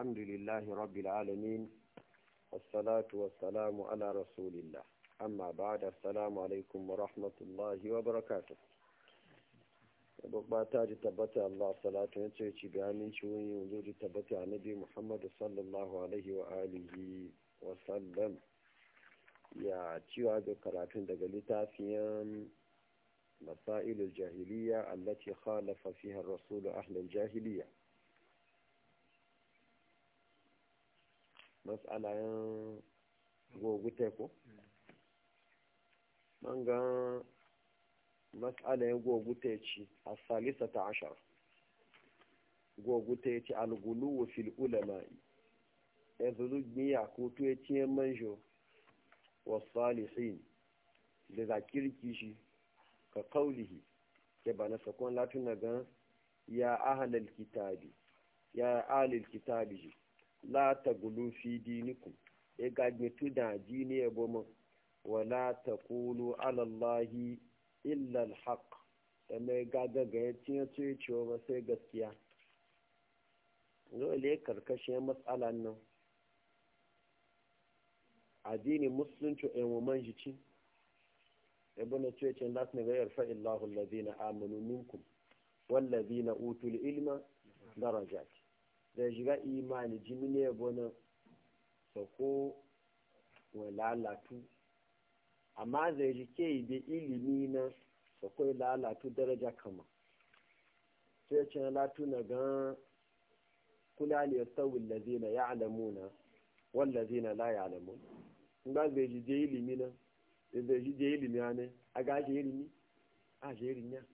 الحمد لله رب العالمين والصلاة والسلام على رسول الله أما بعد السلام عليكم ورحمة الله وبركاته babba ta ji tabbata Allah salatu ya ce ci bi aminci wani yanzu ji tabbata a nabi Muhammadu sallallahu alaihi wa alihi wa sallam ya ciwa da karatun daga littafiyan masailul jahiliya allati khalafa fiha ar jahiliya matsala yan gogute ko man ga matsala gogu teci a salisa ta ashar gogu teci algulu wa fil ulama ya zuru biya ko to ya manjo wa salisin da za kirki shi ka kaulihi ke ba na sakon latin na gan ya ahalar kitabi ya alil kitabi lata gulufi gulu fi ya gaji tu da dini ya e goma wala ta kulu alallahi illal alhaq da e mai gaga ga ya ciye ciye ciwo ba sai gaskiya dole karkashin matsalan nan addini musulunci ɗan woman shi ci ibn cecin lati na gayar fa'illahu allazina amanu minkum wallazina utul ilma daraja. da shiga imani jimine yabo nan sako wa lalatu amma zai ji ke yi da ilimi na sako lalatu daraja kama sai ce lalatu na gan kula ne ya tsawo na ya alamuna na la ya alamu ba zai ji je ilimi na zai ji je ilimi ne a gaji ilimi a je ilimi ya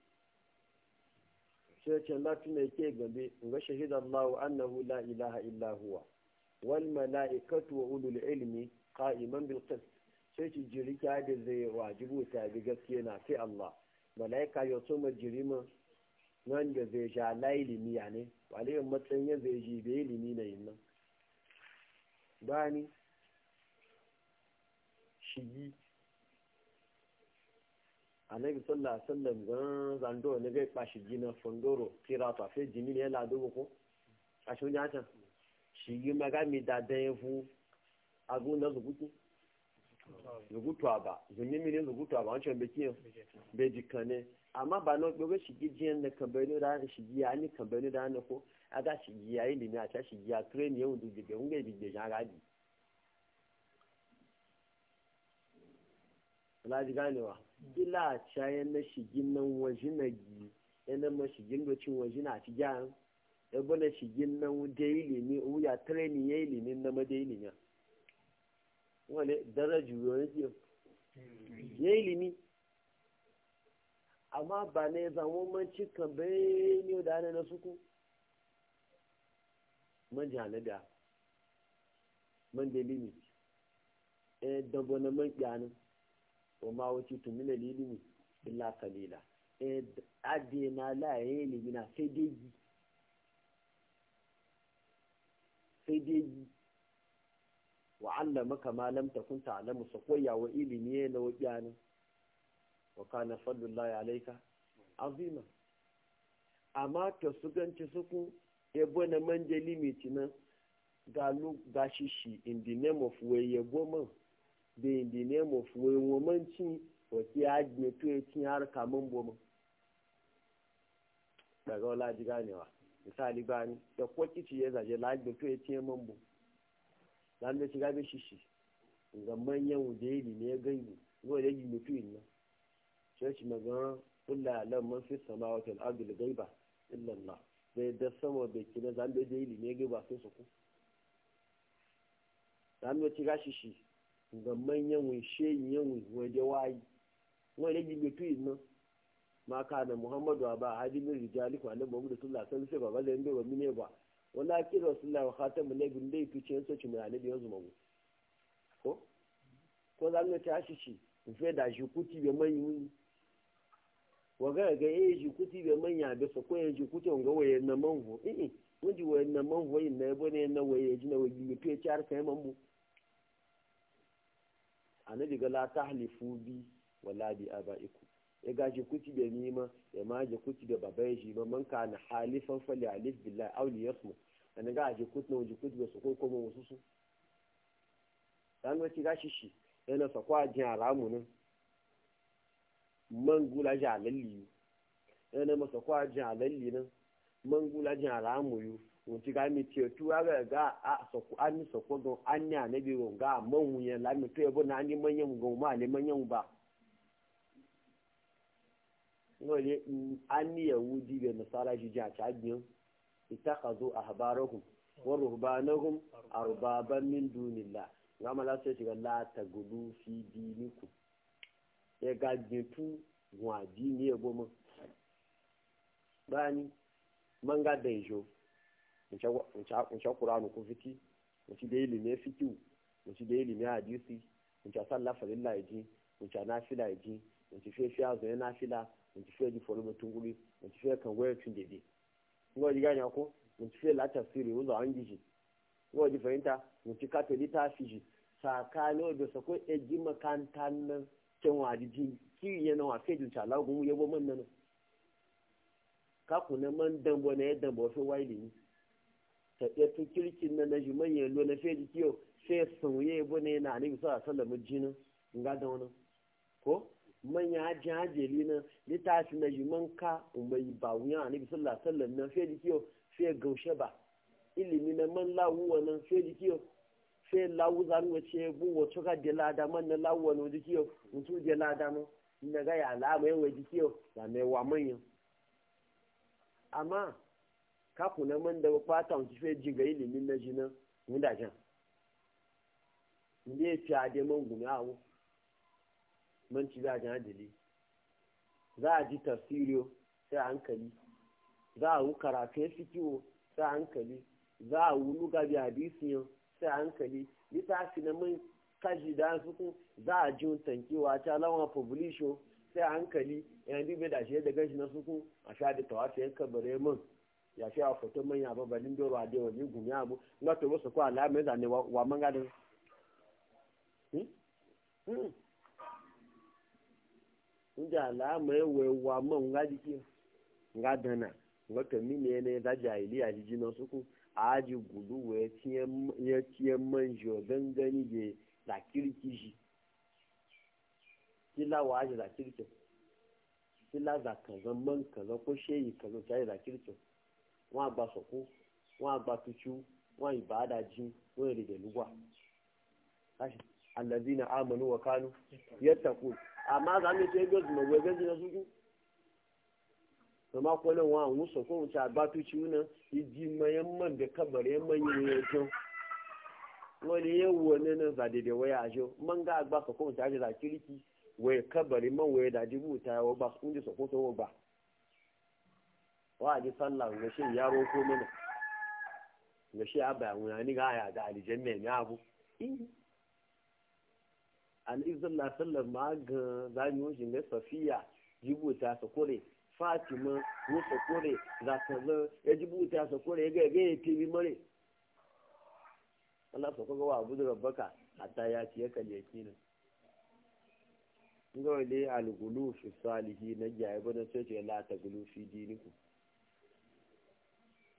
sai ce lati mai ke gabe ga shahida lahu annahu la ilaha illa huwa wal mala'ikatu wa ulul ilmi qa'iman bil qist sai ci jiri ka da zai wajibu ta bi gaskiya na sai Allah mala'ika ya so ma jirima nan da zai sha laili ne wale matsayin zai ji bai ilimi na yin nan bani shigi anabi sallallahu alaihi wasallam gan zando ne ga kwashi gina fondoro tira ta fe jini ne la dogo ko a shi nya ta shi yi maga mi da dan fu agu na zugutu zugutu aba zunni mi ne zugutu aba an wancan be kiyo be kane amma ba no gobe shi gijiyan da kan da shi gi ni kan da ne ko aga shi giya ayi ni a ta shi giya train yau du gibe ngai bi de ga di alhaji ganewa ila a cayan na shigin nan waje na gi yana ma shigin da gocin waje na ci gyan ya na shigin nan dai ilimi wuya training ya ilimi na ma da ilimi wani daraju yawon ki ya ilimi amma ba na ya zama manci kan bayani da ana na suku man jihanada man da limit eh dabba na man kyanin wa ma wuce tu mina lilimi illa kalila eh, ade na laye ilimi na sai dai sai dai wa allama kama lam takun ta'lamu wa ilimi na wajanin wa kana fadlullahi alayka azima amma to su ganci suku ebo na manje limiti na ga lu ga shishi in the name of weye goma da the name of womanci wasu ya ajiye to ya cin har kamun boma daga wala ji ganewa misali bani da ko kici ya zaje la ajiye to ya cin mambo dan da shiga ga shishi ga manyan wudeli ne gaibi ko da yi mutuin nan sai shi magana kullu alam man fi wata wal ardi gaiba illa Allah bai da sama da kina zan da dai ne gaiba sai su ku dan da shiga shishi nga manyan wunshe yin waje wayi wani rage betu izinin ma ka na muhammadu a ba hadi min rijali kwa nan bamu da sallah san sai ba zai bai wa mine ba wala ki rasulullah wa khatamu da dai fice yin soci mai annabi yanzu mamu ko ko za mu tashi shi in fe da shi kuti be manyi wuni wa ga ga eh shi kuti be manya be so ko shi kuti on waye na manhu eh eh na manhu na na waye ji na waye ya e, ci har annabi ga la tahlifu bi wala bi abaiku ya gaje kuti da nima ya maje kuti da babai shi ba man ka na halifan fali alif billahi li yasmu an ga je kuti na kuti da su ko kuma wasu su dan wace gashi shi yana sa kwa jin alamu nan man gula ji alalli yana masa kwa jin alalli nan man gula jin alamu yu wuti ga mi ce tu ga ga a soko an ni soko don an ni anabi go ga man wuya la mi to yabo na ni manyan go ma le manyan ba ngole mm, an ni yahudi be nasara ji ja ta biyo zo ahbarahum wa ruhbanahum arbaban min dunillah ngama la sai ga la ta gudu fi diniku ya ga jitu wa dini yabo mu bani manga denjo nca kuranu ko fiti nci da ilimin fikiu nci da ilimin hadisi nca sallah falilla ya e ji nca nafila ya e ji nci fe fiya zuwa e nafila nci fe ji foro mutum guri nci fe kan wayar tun dede ngo ji ganya ko nci fe la tafsiri wuzo an ngo ji fahimta nci ka tali ta fiji da sako e ji makanta nan cewa jiji kiri yana wa fe jin calagun yabo man nan ka man dambo na ya dambo fe tafiya tu kirkin na na jiman ya lo na fe jiki yau fe sauye bu ne na ne bisa a salamu jinin in ga da wani ko manya hajji hajjeli na litafi na jiman ka umai ba wuya ne bisa la salam na fe jiki yau fe gaushe ba ilimi na man lawu wannan fe jiki yau fe lawu zanu wace bu wato ka de lada man na lawu wannan jiki yau mutu de lada mu na ga ya la wa jiki yau la mai wa manyan amma kaku na man da fata wanci fe jiga ilimin na jina mun da jan ne fi ade man gumi awo man ci za jan adili za a ji tafsiriyo sai hankali za a wu karatu ya fikiwo sai hankali za a wu luga bi hadisiyan sai hankali littafi na man kashi da suku za a ji tankewa ta lawan publisho sai hankali yan dibe da shi da shi na suku a sha da tawafi yan kabare man ya fi a foto manya ba balin doro a wani gumi abu na to wasu ko alamai da ne wa manga da nja alamai we wa man nga jiki nga dana nga to mi ne ne da jahili a jiji suku aji gudu we tiye ya tiye manjo dangani je da kirki shi kila wa aji da kirki kila za kazan man kaza ko sheyi kaza ta da kirki wọn àgbà sọ̀kú wọn àgbà tuntun wọn ìbáadà jí wọn èrè dẹ̀lúgbà alẹ́bí na amọ̀nù wọ̀kánú yẹ́tàkù àmọ́ àzámi tó ẹgbẹ́ òsùnmọ̀ wọ ẹgbẹ́ jìnnà sójú tọ́mọ́ kọ́lé wọn àwọn sọ̀kú òun ti àgbà tuntun náà ìdí mọ̀yẹ́ mọ̀ ní kábàrẹ́ mọ̀yẹ́ yẹn tán wọn ni yẹn wọ nínú zàdèdè wọ́yà àjọ mọ́ngà àgbà sọ̀kú òun ti àjọ zàkíríkì wọ́yẹ kábàrẹ́ mọ̀ wọ́yẹ dàdí wa ji sallah ga shi ya roko mana ga shi ya bayan ni ga ya da aljanna ne abu alizan na sallar ma ga zami wajen ga safiya ta sa kore fatima musa kore za ta zo ya ta sa kore ya gaya gaya tebi mare Allah sauka ga wa budu da rabbaka hatta ya ci ya kalle kinin ngawale al-gulu fi salihi na jaye bana sai ce la ta gulu dini ku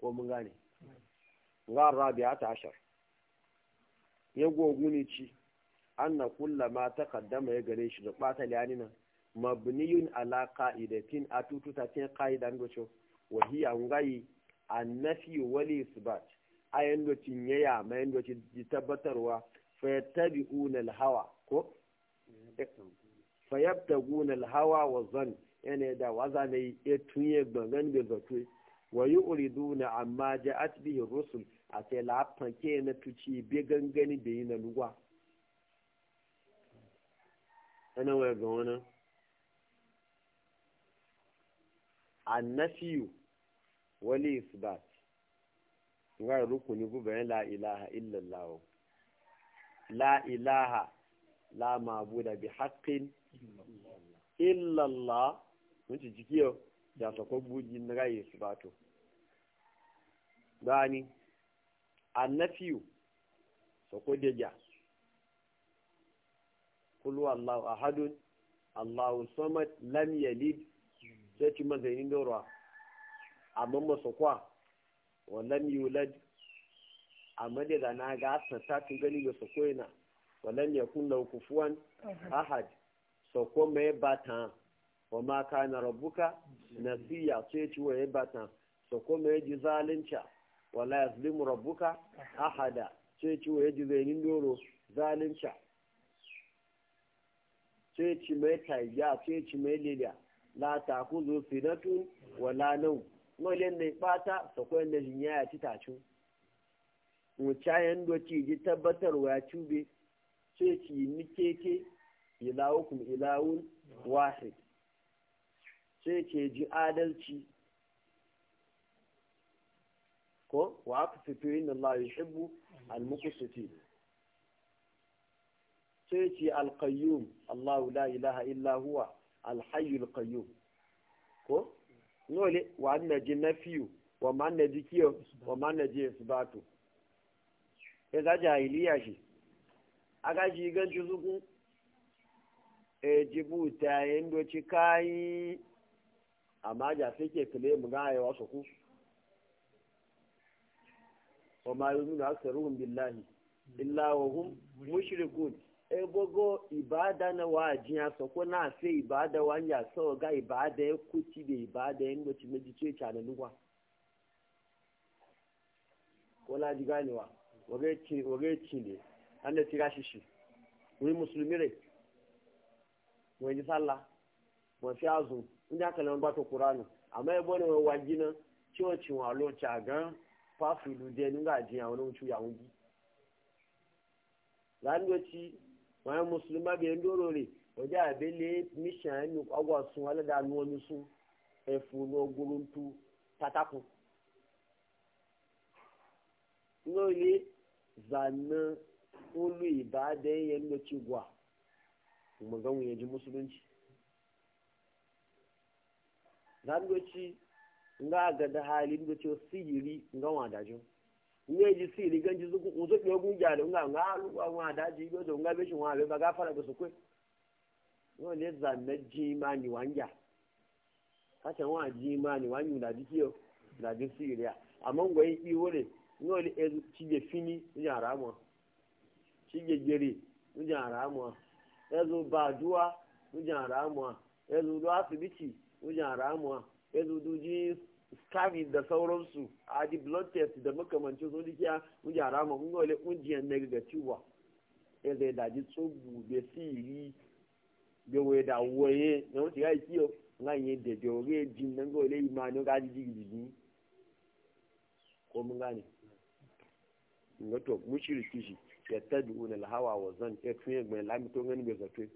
ko mun gane ga rabi'a ta ashar ya goguni ci anna kulla ma ta kaddama ya gare shi da ɓata liyanina mabniyun ala qa'idatin a ta tin qa'idan gocho wa hiya ngayi annafi wali isbat ayan gocin yaya ma yan gocin tabbatarwa fa yattabi'una al-hawa ko fa yabtaguna al-hawa wa zann yana da waza ne ya tunye gangan da zato wa yi yu'riduna amma ja'at bihi rusul a sai lafan ke na tuci bi gangani da yi na lugwa ana waya ga wani annafiyu wani isbat ga rukuni bu bayan la ilaha illallah la ilaha la mabuda bi haqqin illallah mun ci jikiyo da sako buji na raye su bato gani annafiyu sako deja kulu allahu ahadun allahu samad lam yalid sai ci mazainin dorwa amma masu kwa wa lam yulad amma da na ga asasa tun gani ga sako yana wa lam yakun lahu kufuwan ahad sako mai bata wa ma kana rabbuka nasiya sai ci waye batan so kuma yaji zalunca wala yazlimu rabbuka ahada sai ci waye ji nin doro zalunca sai ci mai tayya sai ci mai liliya la takuzu sinatu wala nau len ne bata so ko ne jinya ya ci tacu mu do ci ji tabbatar ya cube sai ci ni keke ilawukum ilawun wahid sai ke ji adalci ko wa aka fito inda Allah ya shibu al-muqsitin sai ce al-qayyum Allah la ilaha illa huwa al-hayy al-qayyum ko nole wa na fiyu, wa ma annaji kiyo wa ma annaji isbatu ya za jahiliya shi A ji ganci zuku e jibuta yendo ci kayi amma ja sai ke kile mu ga yawa su ku wa ma yuminu aksaruhum billahi illa wa hum mushrikun e gogo ibada na wajiya so ko na sai ibada wanya so ga ibada ya kuti da ibada ya ngoci meji ce ta da lugwa wala ji ganewa wage ci wage ci ne an da tira shi shi wani musulmi rai wani sallah wani fi ndị aka nan ba ta kuranu amma ya bane wa gina cocin walo cagan fafilu da ndị ga jiya wani wucu ya wuji langoci wani musulma bai yin abele efu na guruntu tatakun lórí zanen olu ibadan yẹn lọ ci gwa ji musulunci zangoci nga ga da halin da ce sihiri nga wa dajo nga ji siiri ganji zuku uzo ogun ja nga nga lu wa wa daji go nga be shi wa ba ga fara no le za ji ma ni wanja ka nwa wa ji ma ni wanyu da ji kiyo da ji ya amma ngo yi no le e fini ya ramo jere ya ramo ezo ba duwa ya ramo ezo do asibiti wajen ramuwa ya zuduji scavi da sauransu a di blood test da makamanci sun jikiya wajen ramuwa kun ga wale kungiyar negatiwa ya zai daji tsubu da siri da waye da waye na ya yi kiyo nganye da jore jin nan ga wale imanu ga di jigijigi ko mun gane ngato mushiriki shi ya na wa zan ya ngani zato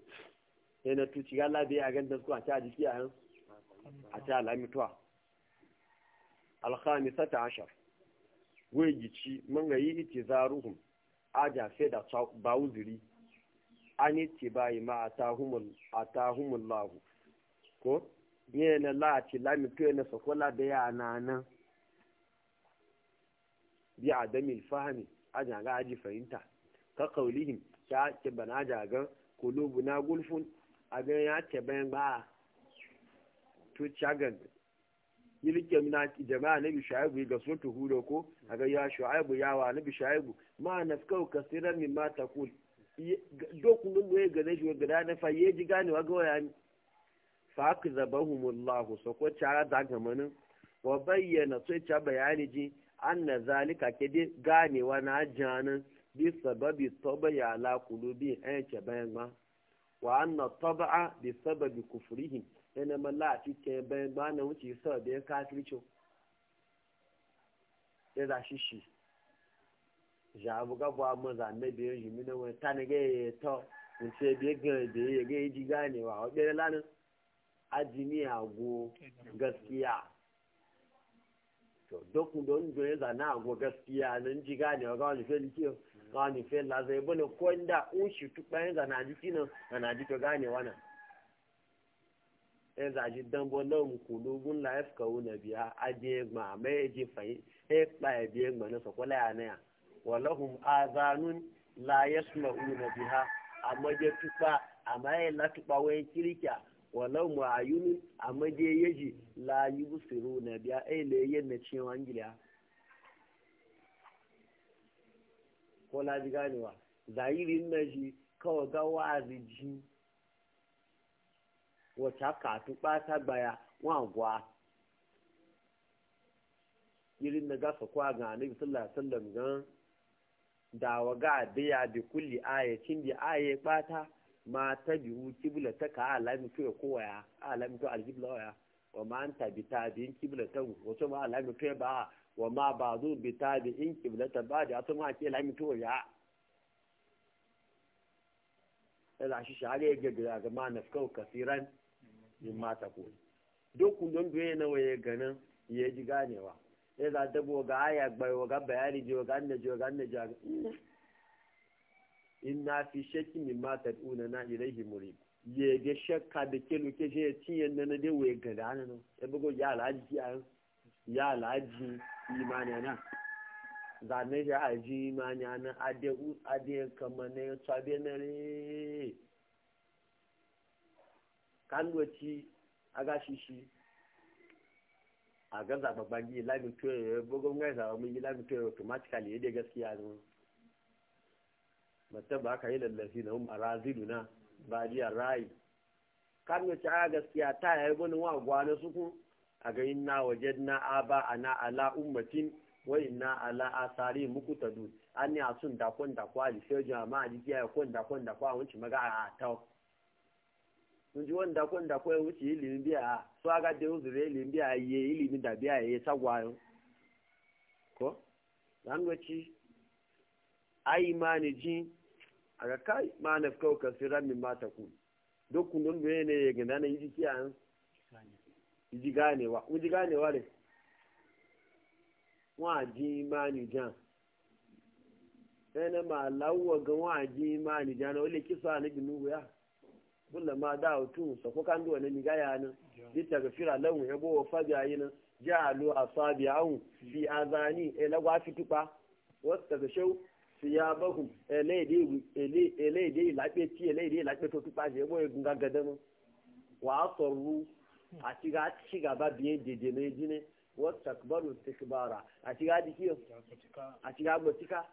tuci ga labe a ganda a ta jiki a a ta alamituwa alhamisata ashar wegici man ga yi iti zaruhun aja sai da bawuziri an iti bayi ma a tahumun lahu ko yana lati lamito yana sakwala da yana nan bi adamil fahimi aja ga aji fahimta ka kaulihim ta ke bana aja ga kulubuna gulfun a ga ya ce bayan ba to chagan yilike mina jama'a nabi shaibu ga sotu hudo ko aga ya shu'aibu ya wa nabi shaibu ma nafkau kasiran ma taqul do dun boye ga ne ga da na faye ji gane wa ga waya fa allah so ko chara da gamanin wa bayyana sai cha bayani ji anna zalika kede ganewa na janan bi sababi ya la kulubi en eh, ayyace bayan ma wa anna taba'a bi sababi kufrihim yana malla a cikin bayan gbanan wuce sau da ya kafircin ya zashi shi jabu gabuwa maza na biyar jimi na wani ta na gaya ya ta wuce biyar gana da ya gaya ji ganewa a ɓere lanin ajimi ago gaskiya to dokun don don ya zana ago gaskiya nan ji ganewa ga wani feli kiyo ga wani feli lazai e bane ko inda un shi tukpa yin zana ji kinan zana ji to nan ya zaji dambo na mukulugun la yafka wuna biya aje ma mai aje fayi e kpa e biye ma na sokola ya na ya walahum azanun la yasma'una biha amma je tupa amma ya e la tupa wai kirkiya walahum ayunun amma je yaji la yubsiruna biya e le yanna cewa ngiliya ko la ji ganewa zahirin na ji kawai ga wa'azi ji wata katu ɓata gbaya wa gwa irin na gasa kwa ga annabi sallallahu alaihi wasallam gan da waga biya bi kulli ayatin bi aye bata ma ta biyu kibla ta ka alami to kowaya alami to aljibla waya wa ma anta bi tabiin kibla ta wato ma alami to ba wa ma ba'du bi tabiin kibla ta ba da to ma ke alami to ya ila shi shari'a ga ga ma kawo kasiran min mata ko duk kundin duwe na waye ganin ya ji ganewa ya za ta bo ga aya gbai wa ga bayani ji wa ga anna ji wa ga anna ji wa in na fi shakki min mata una na ilaihi muri ya ga shakka da ke luke shi ya ci yadda na dai waye gada hannun ya bugo ya alhaji ya alhaji imani nan zane shi a ji imani nan ade kamar na ya tsabe na kandoci a gashi shi a ga zababban yi lami tuyo ya bugun gai zababban yi lami tuyo automatically ya dai gaskiya ne mutum ba ka yi lallafi na umar razidu na ba jiya rayu kandoci a gaskiya ta ya yi bunin wa gwanin suku a ga yi na waje na aba ana ala ummatin wai na ala asari muku ta dun an ne a sun dakon dakwa a lifiyar jama'a jikiya ya kon dakon dakwa a wancin maga a tau nji wanda ndako nda ko wuce ilimin biya so aga de uzure ilimin biya ye ilimin da biya ye sagwayo ko dan wace ai maniji aga kai manaf ka kasira min mata ku duk kun don ne ne ga nan yi kiyan yi eh? ganewa ku ji ganewa ne wa ji manijan sai na ma lawo ga wa ji manijan wale kisa na ya kulla ma da hutu sa ko kan duwa ne mi ga yana dita ga fira lan ya go fa ga ja nan asabi au fi azani e la wa fitupa wasta ga shau bahu e le de e, e le de la pe ti e le de la pe to pa je bo e gunga gadan wa asru ati ga ba gaba biye de e ne ne wasta akbaru istikbara ati ga dikiyo ati ga tika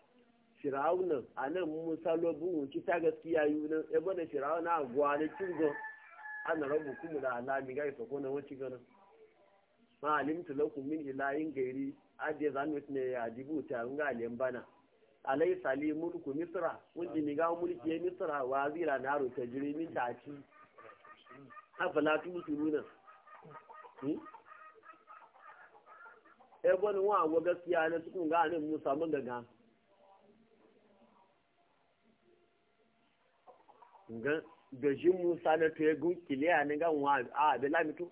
firawunan a nan musa lobin wuce ta gaskiya yi nan ya bane firawuna a gwanakin gan ana rabu kuma da alami gari sako na wacce ganin ma alimtu lakum min ilahin gairi adiye zanu ne ya dibu ta nga alem bana alayi sali mulku misra wunji ni ga mulki ya misra wa zira na ro jiri min ta ci afala tu turuna hmm? e bon wa wa gaskiya na tukun ga nan musa nga gajin musa na to ya kile kiliya ni ga wa a be la mi to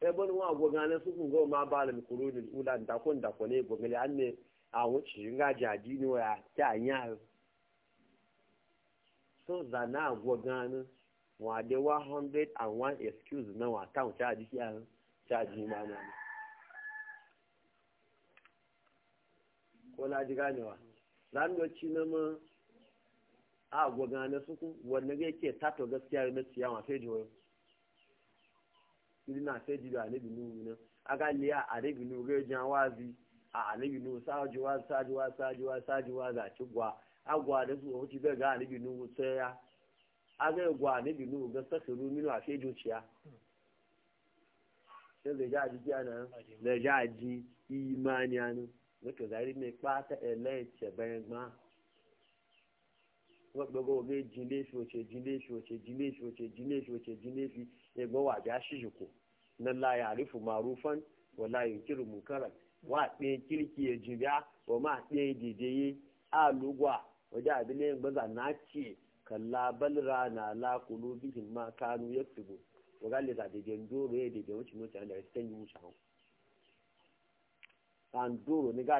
e bon wa go na su kun go ma ba la mi kuru ni ula nda ko nda ko ne an ne a wo chi nga ja di ni wa ta nya so za na go ga na wa de 101 excuse na wa account ta di ya ta ji ma na ko la ji ganewa do na ma a gwaga na suku wanda zai ke tato gaskiya na siya sai jiwa ili na sai a ne binu ne a a ne binu ga jan wazi a ne binu sajiwa sajiwa sajuwa sajuwa za ci gwa agwa da su hoci ga ga ne binu sai ya aga gwa ga sakiru minu a sai juciya sai zai ja na da ji zaka zari mai kpata elai eh, gbogbo oge jin léfi òṣè jin léfi òṣè jin léfi òṣè jin léfi òṣè jin léfi wà já ṣíṣùkù nílá yàrífù màrúfán wọlá yòókìrì mùkàrà wà pé kíríkì èjì bíá wọ́n máa pé dìde yé àlùgbà ọjà àbílẹ̀ gbọ́dọ̀ náà tì kàlá bẹ́lẹ̀rà náà lákòóló bí kì máa kánú yẹ tìbò wọ́n gá lè yẹ dèdè wọ́n ti mú ti àlẹ́ sẹ́yìn mú sàn. sàn dóró ní ká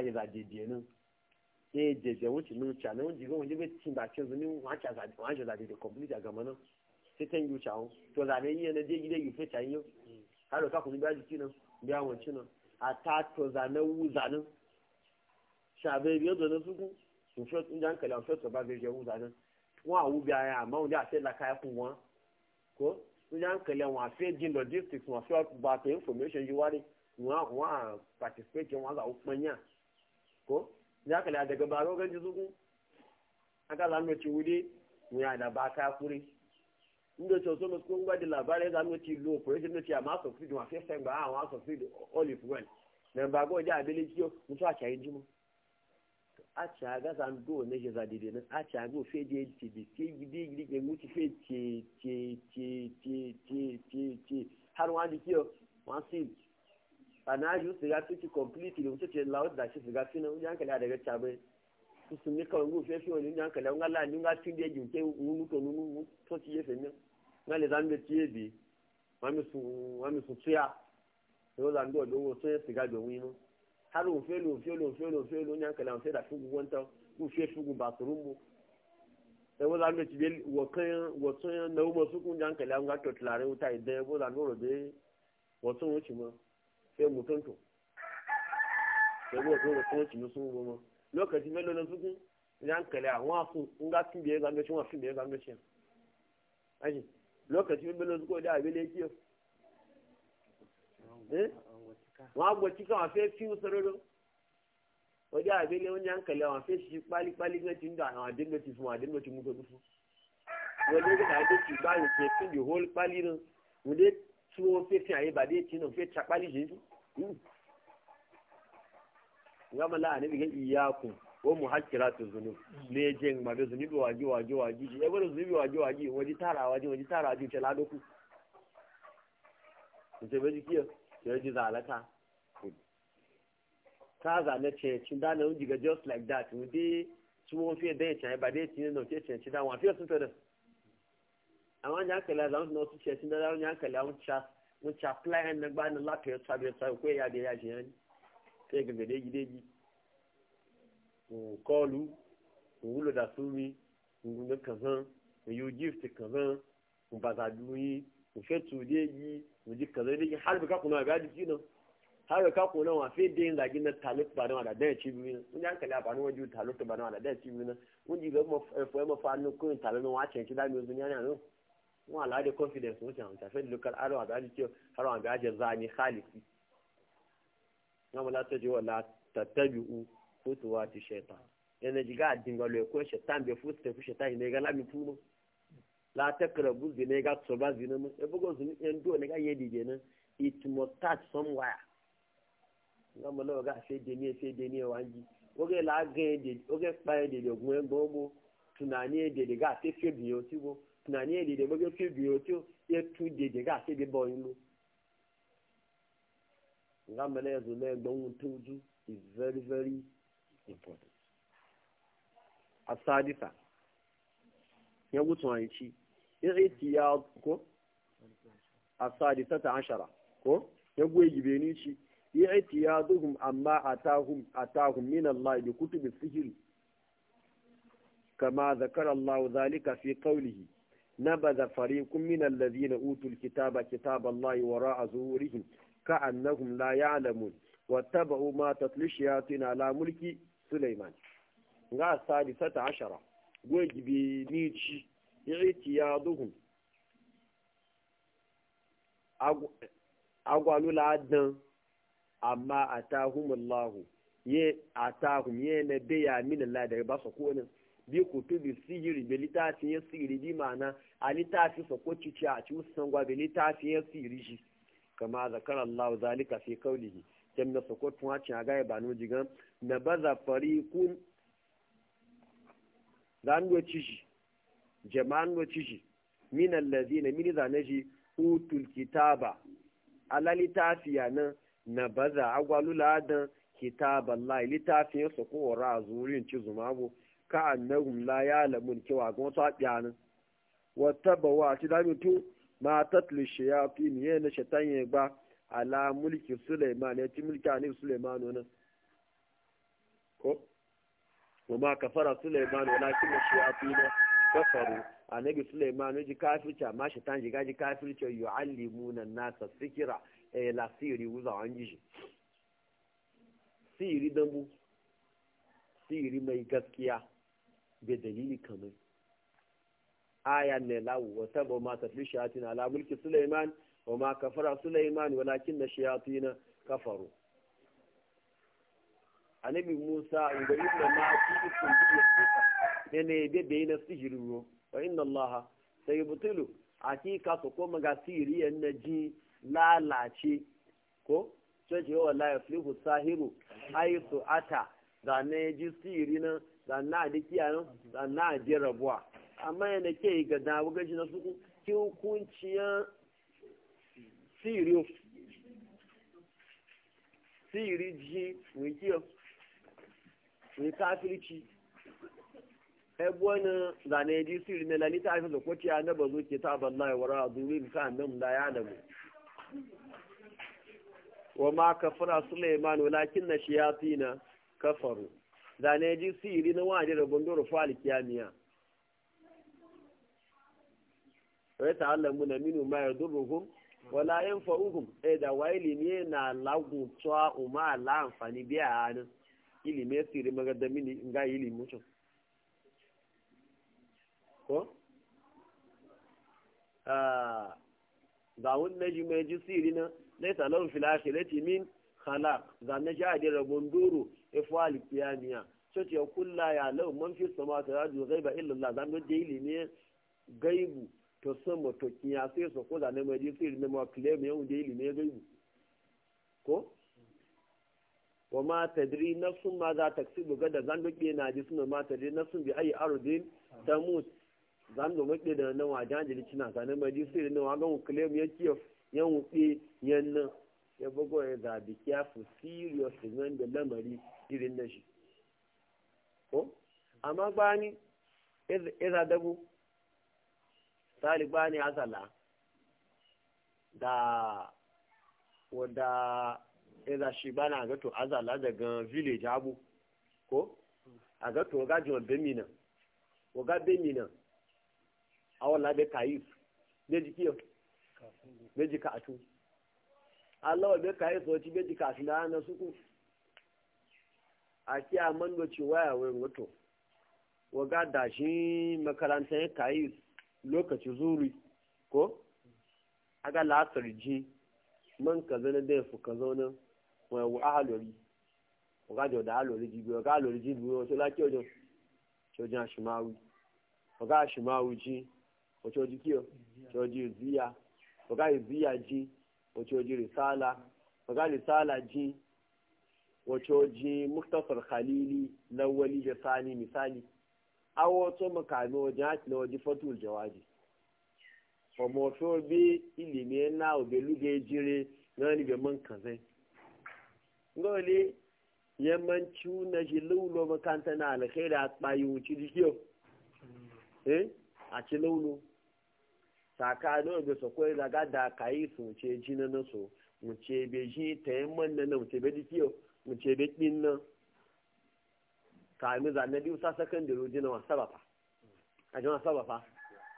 sai jeje wuce nun ca na wunji gwan jibe cin ba cin zuni wọn ca zaɗi wọn ca zaɗi da complete a gama nan sai ta yi ca to zaɗe yi na je gida yi fe yi yau har da kakuni biya jiki nan biya wanci nan a ta to zane wu zanen shabe biyar da na suku sun fi in jan kala fi ba bai jewu zanen wọn a wu biya ya amma wunji a sai la kaya kun wọn ko in jan kala wọn a fi jin logistics wọn fi ba ta information yi wari wọn a participate wọn a za a ko. ya kala daga baro ganji zugu aka zamu ci wuri mu ya da ba ka kuri inda to so mu kun gwadi labarai zamu ci lo operation da ci amma so fi ma first time ba a wa so fi olive well na ba go ja abele kiyo mu to a ci yin jimu a ci ga zan do ne je za dide ne a ci aga o fe de ti bi ti gidi gidi ke mu ti fe ti ti ti ti ti ti har wani di kiyo wa ana ju siga su ci completely wuce ce lawat da shi siga fina wuce hankali a daga cabe su sun ne kawai gufe fi wani wuce hankali wani ala ni ga tun da yake wuce wunu to nunu to ci yefe ne na le zan ci ye bi wami sun tuya yau zan dɔw don siga don winu har wufe lo wufe lo wufe lo wufe lo wuce hankali sai da fugu wanta wufe fugu ba yau zan ci bɛ wakan wasan na su sukun wuce hankali an ga to tilare wuta idan yau zan dɔw de wuce ma. sai mutunto sai mu so da kuma cinu sun goma lokaci melo na sukun idan kale a wa su in ga biye wa tun biye zango cin aji lokaci melo suko da abin da yake eh? wa gwaci kan afi fi saroro wajen abin da wani hankali wa fi shi pali pali na cin da a dinga ci su a dinga ci muka dusu wani ga da ake ci bayan ke tun da whole pali nan mu dai tuwo fi fi a yi ba dai ci nan fi ta pali jesu gama la anabi ga iyaku wa muhakkiratu zunub ne je ma da zunubi waji waji waji e bada zunubi waji waji waji tara waji waji tara waji ce la doku ce be ji kiyo ji zalata ta zane ce cin da na unjiga just like that mu dai won fiye da ce ba dai cin no ce da wa sun to kala za cha wacce apply yan nan bayan Allah ka yasa bai sa ko ya da ya shi yan sai ga gade gide gi kọlu da sumi ngunga kazan yu gift kazan baza duyi mu fe tu de gi mu ji kazan de gi har ka kuma ga ji nan har ka kuma wa fe de da gi na taluk ba na da da ci bi nan mun yanka la ba na waju taluk ba na da da ci bi nan mun ji ga mu ko taluk wa ce ci da mi wọn àlá dé confidence wọn ti àwọn ìtàfẹ́ local arrow àbí àjẹjọ arrow àbí àjẹzá ni xaalisi wọn bọ la tàtàbí u fótó wa ti ṣẹta ẹnẹjì gáà dìgbà lọ ẹkọ ẹṣẹ tá n bẹ fótó tẹfú ṣẹta yìí nẹgà lámì fún mọ látẹkẹrẹ bú zi nẹgà sọba zi nẹmọ ẹbúgbọ zi ne nẹgà yẹ dìjẹ ne it must start somewhere wọn bọ lọwọ gáà fẹ dẹni ẹ fẹ dẹni ẹ wá oge la oge kpa ẹ dẹdẹ ògùn ẹ tunani ẹ dẹdẹ gáà fẹ fẹ nani ni èdè ìdèmọ́gbé fi bìrò tí ó yẹ tú dèdè ká síbi bọ́ inú. nga mẹ́lẹ́ ẹ̀sùn lẹ́gbẹ̀ẹ́ ohun tó ojú is very very important. ta yẹn àyè kí ẹ̀ ti ya kó asadisa ta ashara kó yẹn èyí ìyìbẹ̀ ní kí ẹ̀ ti ya dóhùn àmà àtàhùn àtàhùn mìíràn láì lè kútu كما ذكر الله ذلك في nabada fariqun min allazina utul kitaba kitaballahi wara azhurihim ka annahum la ya'lamun wattaba'u ma tatlu shayatin ala mulki sulaiman ga sadisata ashara gwajibi nici i'tiyaduhum agwalu ladan amma atahumullahu ye atahum ye ne biya min allah daga basa ko bi kutubi sihiri be littafin ya sihiri bi ma'ana a littafin sokoci ce a ci usan gwa be littafin ya sihiri shi kama zakara Allah zalika fi kaulihi kem na sokotun wacin a gaya banu jigan na baza farikun zanuwa ciji jama'anuwa ciji min allazi na mini zane shi utul kitaba ala littafiya nan na baza agwalula dan kitaba Allah littafin ya sokowar a zurin ci zuma ka annahum la ya'lamun cewa ga wasu haɗiyanin wata bawa ci dami tu ma tatli shayatin na shaitan ya ba ala mulki Sulaiman ya ci mulki ani Sulaiman wannan ko kuma kafara Sulaiman lakin shayatin kafaru annabi Sulaiman ya ji kafirci amma shaitan ji gaji kafirci yu'allimuna nasa sikira e, la siri wuza an ji siri dambu siri mai gaskiya bai dalili kamar ayan ne lawu wa tabo ma tafi shayatin ala mulki Sulaiman wa ma kafara Sulaiman walakin na shayatin kafaru anabi Musa ga ma ki kun ne ne be be na sihiru wa inna Allah sayubtilu hakika su ko maga sihiri yan ji lalace ko sai ce wallahi yaflihu sahiru aisu ata da ne ji sihiri na. sannan a duk da sannan a da rabuwa amma yana ke ga dawo shi na su hukunciyar siriyo siri ji wikiyo ni kafirci ebwana zane ji siri ne lalita ta haifar da kwaciya na bazo ke ta ballaye wa ra'a zuri ka nan da ya namu wa ma kafara suleiman walakin na shayatina kafaru zane ji siri na wani da doro fali kiyamiya wai ta Allah muna minu ma ya hun wala yan fa'uhum ɗaya eh, da wa ilimi na lagunta umar la amfani biya hannun ilimi siri magada da mini ga ilimi mutum ko ah da wun naji mai ji siri na laisa talon filashe min khalaq zane ji adi rabon doro efu kiyamiya so ya kulla ya lau man fi sama ta raju gaiba illallah zamu da ne gaibu to sama to kiya sai so ko ne mai disi ne ma claim yau da ne gaibu ko wa ma tadri nafsun ma za ta buga da zan duke na ji suna ma tadri nafsun bi ayi ta tamut zan do make da nan wajen jiri cina zane mai disi ne wa ga claim yake yan wuce yan nan ya bugo ya zabi careful serious game da lamari irin na shi ko amma bani iza dabu talibani asala da wadda iza shi bana ga to azala daga village abu ko a ga to ga jiwa bemina wa ga bemina awon labe kayif ne jikiyo ne jika atu Ala, bai kai so ci bai kafin da na suku a kiya man go ci waya wayan wato waga da shi makaranta ya kai lokaci zuri ko aga latar ji man ka zana da fu ka zauna wa wa ahalori waga da da ahalori ji bi waga ahalori ji bi wato la ki ojo ojo ashimawi waga ashimawi ji ojo ji kiyo ojo ziya waga ziya ji wacoji risala waga risala ji wacoji muktasar khalili wali da sani misali a wato makami wajen haki na waje fatul jawaji famofo bi ilimi na obe luge jire na ni be man kazai ngole yammanci na shi lulo makanta na alkhairi a tsayi wuci dikiyo eh a ci lulo tsakanin da su kwai zaga da kayi su ce ji na su mu ce be ji ta yin man nan mu ce be dikiyo mu ce be din nan kami zane biyu sa sakandare ji wa wasa ba fa a ji sababa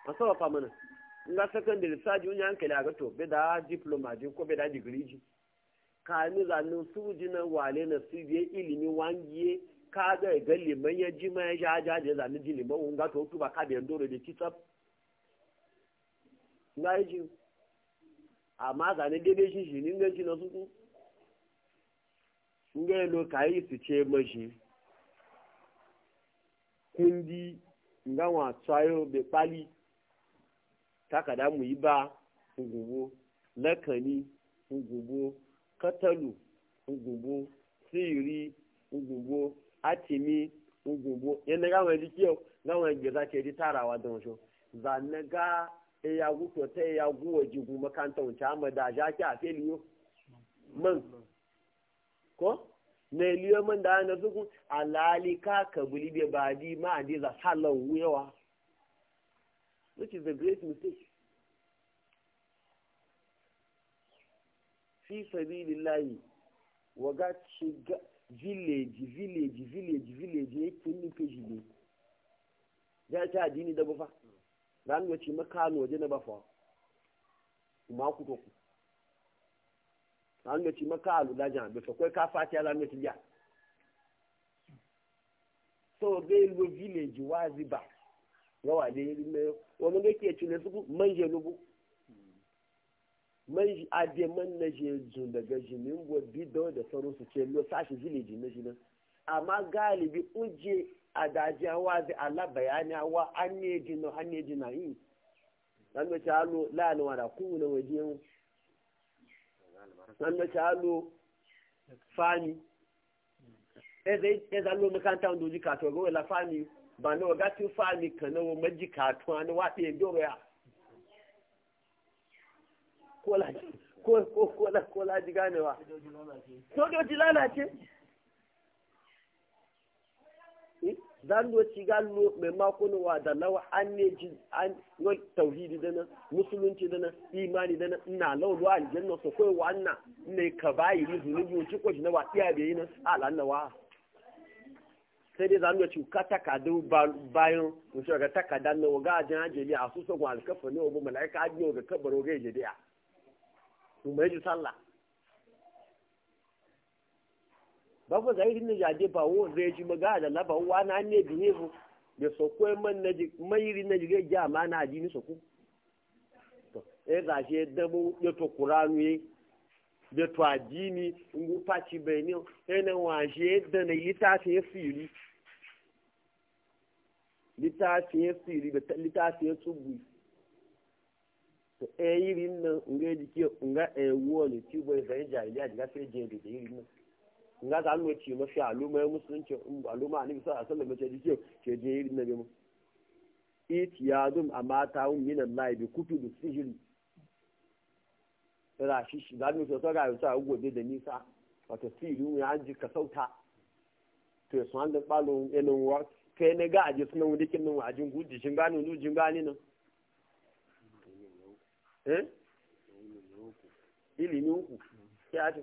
ba fa mana in ga sakandare sa ji wani hankali a ga to be da diploma ji ko be da digiri ji kami zane su ji wale na su biye ilimi wangiye ka ga ga liman ya ji ma ya ja ja je zane ji liman wun ga to ba ka da yandoro da kitsap ngai ji ama ga ne gede ji ji ninga ji na suku nge lo kai su che ma ji kundi nga wa tsayo be pali taka da mu iba ngubu lakani ngubu katalu ngubu siri ngubu atimi ngubu yenda ga wa dikio ga wa ge za ke di tarawa don sho za ne ga eyagu eh, to ta eyagu eh, wa jigu makanta wuce amma da ja ki a feliyo man ko na iliyo man da ana zuku alalika kabuli be badi ma ade za salan wuyawa which is a great mistake fi sabilillahi wa ga shiga village village village village yake nufe shi ne ya dini da bufa ran wace makano waje na bafa ma ku to ku ran wace makalo da jan bafa kai ka fati ala ne tiya so they will village waziba yawa ne ne wani ne ke tune su manje lubu manje ade man na je jun daga jimin bo bidon da sauransu ce lo sashi village na shi nan amma galibi uje adaji hawa zai ala bayani hawa an ne jino an ne jina yi dan da chalo la na wada ku na waje yau dan da chalo fani e zai e zalo makanta wanda ji ka to go la fani ba no ga tu fani kana wo maji ka to an wa te do ya ko la ko ko ko la ko la ji ganewa so lalace Eh? zanwa ci gano ma makon wa da lawa an ne ji an no tauhidi dana nan musulunci dana nan imani da nan ina lawa aljanna su kai wa anna ne ka bayi ne zunubi ko ji na wa iya be yi ala na wa sai dai zanwa ci ka takadu bayan wuce ga takada na waga ajin a su ko alkafa ne wa bu mala'ika ajiyar ga kabar waga ya jadiya. Umar ji sallah. ba fa zai hinna jade ba wo zai ji maga da ba wa na ne bi ne bu da so ko e man na ji mai ri na ji ga jama na ji ni so ku to e ga she da bu ya to qur'anu yi da to ajini ngu pachi be ni e na wa she da na litafi ya e fili litafi ya e fili da litafi ya tsubu to e yiri nan nge ji ke nga e wo ni ti bo zai jahiliya ji ga sai je da yiri nan nga za mu ci mafi aluma ya musulunci aluma a nisa a sallama ce jikin ke je yi na bimu itiyadum a mata hun na lai bi kufi da sihiri da shi shi za mu sosai ga yusa gobe da nisa wato sihiri mu an ji ka sauta to ya sun da balo yanin wa kai na ga aji suna wuri kin wa wajin guji jin gani nu jin gani nan eh uku ya ce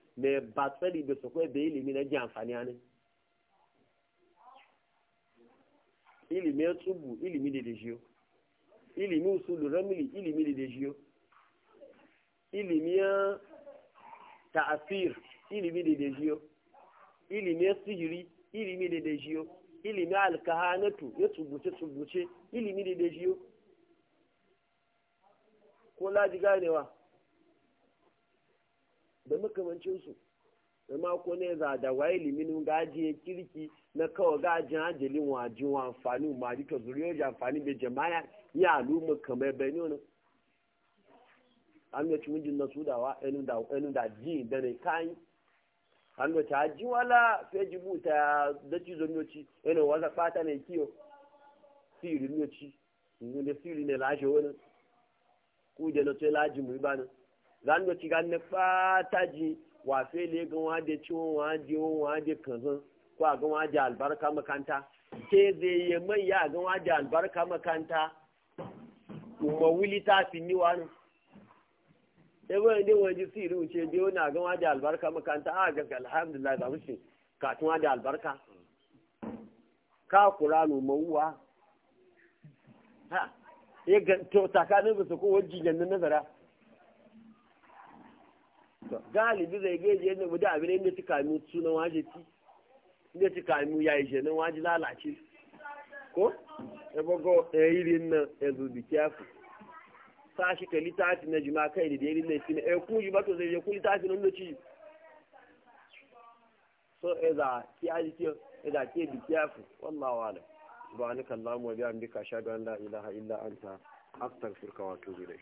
mai ba tsari da su kai e da ilimi na ji amfani ne ilimi ya tsubu ilimi da da jiyo ilimi usulu ramili ilimi da da jiyo ilimi ya ilimi da da jiyo ilimi ya sihiri ilimi da da jiyo ilimi alkahanatu ya tsubuce tsubuce ilimi da da jiyo ko laji ganewa da makamancinsu da mako ne za da waye limin gajiye kirki na kawai gajin hajjalin wajin wa amfani ma duka zuriyoji amfani da jama'a ya kamar bai ne an yaci mijin na sudawa enu da ji da ne kayan an yaci haji wala feji buta da ci zonyoci enu wasa fata ne kiyo siri ne siri ne lashe wani ku na tsaye laji mu ibanin zan ga ciga na fata ji wa fele gan wa da ciwon wa je wa je kanzan ko a gan wa albarka makanta ke zai yi mai ya gan wa albarka makanta ma wuli ta fi ni wani ebe ne wani ji siri wuce biyo na gan wa albarka makanta a ga alhamdulillah ba mushi ka wa je albarka ka kuranu mawuwa ha ya e ga to tsakanin su ko wajen nazara galibi zai gaji yadda mu da abin inda ta kami suna waje ci inda ta kami ya yi shenan waje lalace ko ebe go ya eh, yi nan ezu eh, bi sa shi ka litafi na jima kai da ya rin nan shi na ya eh, kuji ba to zai ya ku litafi ci so ya za ki aji ki ya ki bi kyafu wallahu alam subhanakallahumma wa bihamdika ashhadu an la ilaha illa anta astaghfiruka wa atubu ilayk